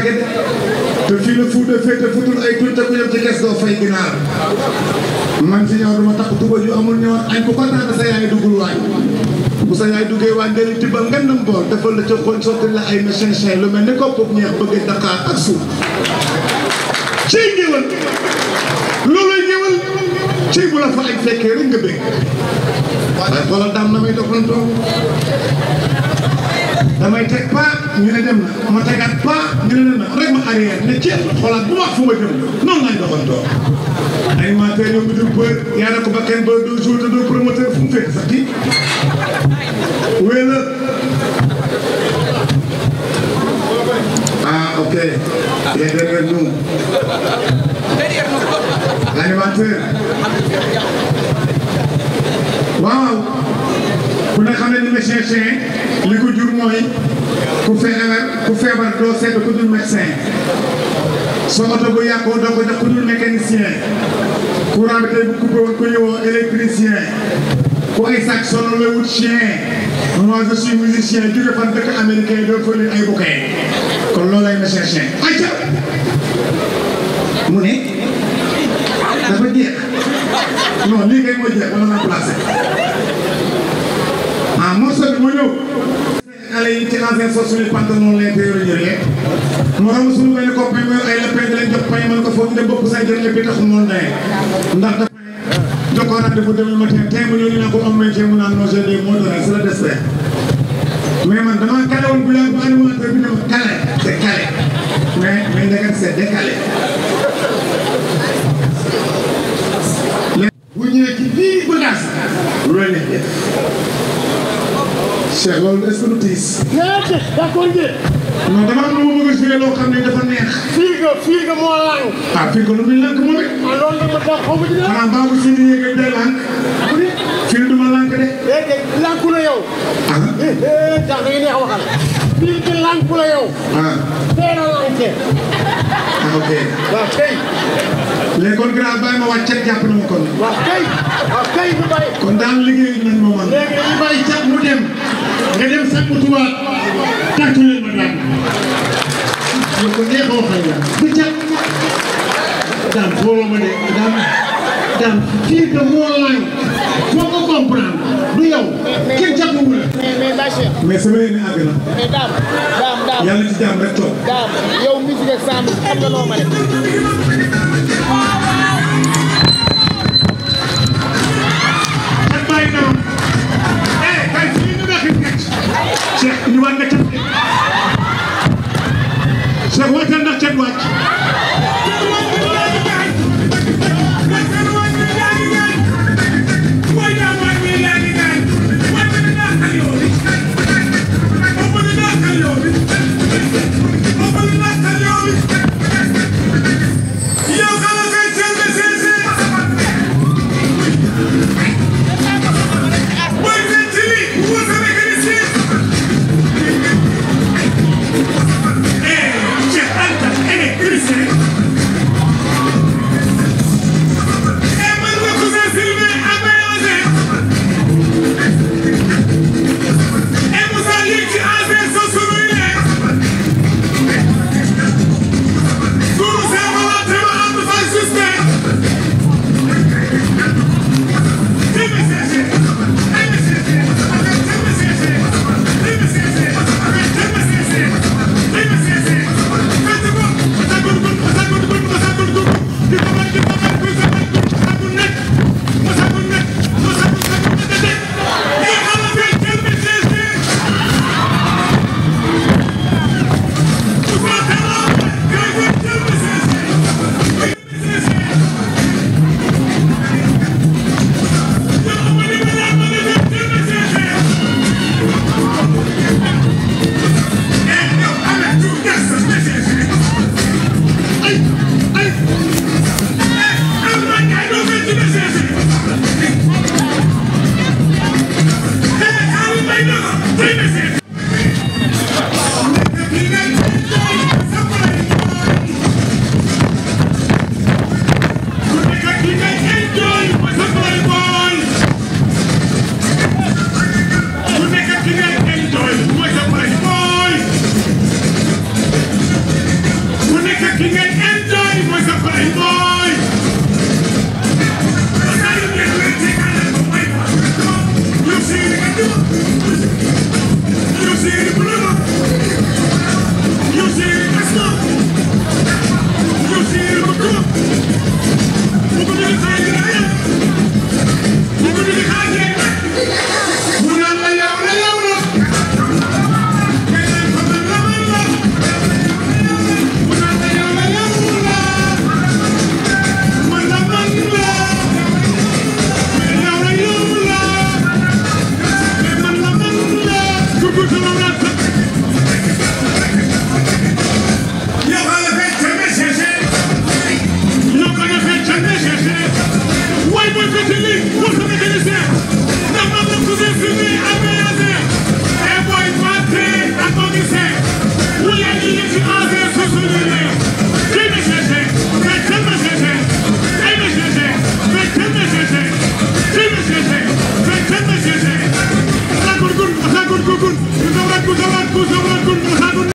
Mbacké te la fuuta féete futul ay tuñ te ku jëm ci kees doo fay ginaar man si ñëw dama takk tuba ju amul ñëwoon añ ku kontaan sotti la ay machine lu mel ni kopp ñeex bëgg Dakar ak suuf ciy ngéwal looluy ngéwal ciy bu la fa añ fekkee rek nga waaye xoolal daam na may doxantoo damay teg pas ñu ne dem na ma tegaat pas ñu ne dem na rek ma arrière ne ceeb xoolaat bu wax fu ma jëm noonu laay doxantoo. ay matériels ñoom ñu dul bër yaa ne ko ba kenn ba deux jours te deux promoteur fu mu fekk sax ci wéy la ah ok yéen derrière nous l'animateur waaw ku ne xam ne ni ma cherché li ko jur mooy ku feebar ku feebar doo ku dul médecin sa oto bu yàqoo doo ko jox ku dul mécanicien courant bi tey bu coupé ku ñëwoo électricien ku ay sàcc sono la wut chien moi je suis musicien jóge fan dëkk américain doo loolay ma so sol suñu pantalon leen te yore jërëjëf moo tax suñu benn copain mu ay lapin di leen jox pay man ko foog ne bokk sa jërëjëf bi taxul ndax dafa ne jox ko rendez-vous demain matin tey mu ñëw ñu naan ko mu naan non je dis moo dara c'est le destin man dama kale woon bu leen ba animateur bi dama kale c'est kale mais mais ndeket c'est décalé bu ñëwee ci bii bagage loolu Cheikh loolu est-ce que lu tiis. déedéet d'accord njëkk. non damaa am lu ma bëgg a joué loo xam ne dafa neex. fii nga fii nga moo laaj. ah fii nga lu muy lëkk moom it. ah loolu la ma tax xaw ma ci dara. xanaa baabu si nii nga yow jax da neex waxal bil bi lànk la yow teera ah. lànke ah, ok waaw kay léegi kon grand bàyyi ma wàcce jàpp na ma kon waaw kay waaw kay bu bàyyi kon daal liggéey nañ ma man léegi dañu bàyyi cat mu dem nga dem leen ma ñu ko neex waxal bu ma ko comprendre yow. kenn jàppewu la. mais mais bâché. mais sama daam daam daam. yàlla ci jàmm rek daam yow mi ci des sàmm Bring What's the mechanism? What's the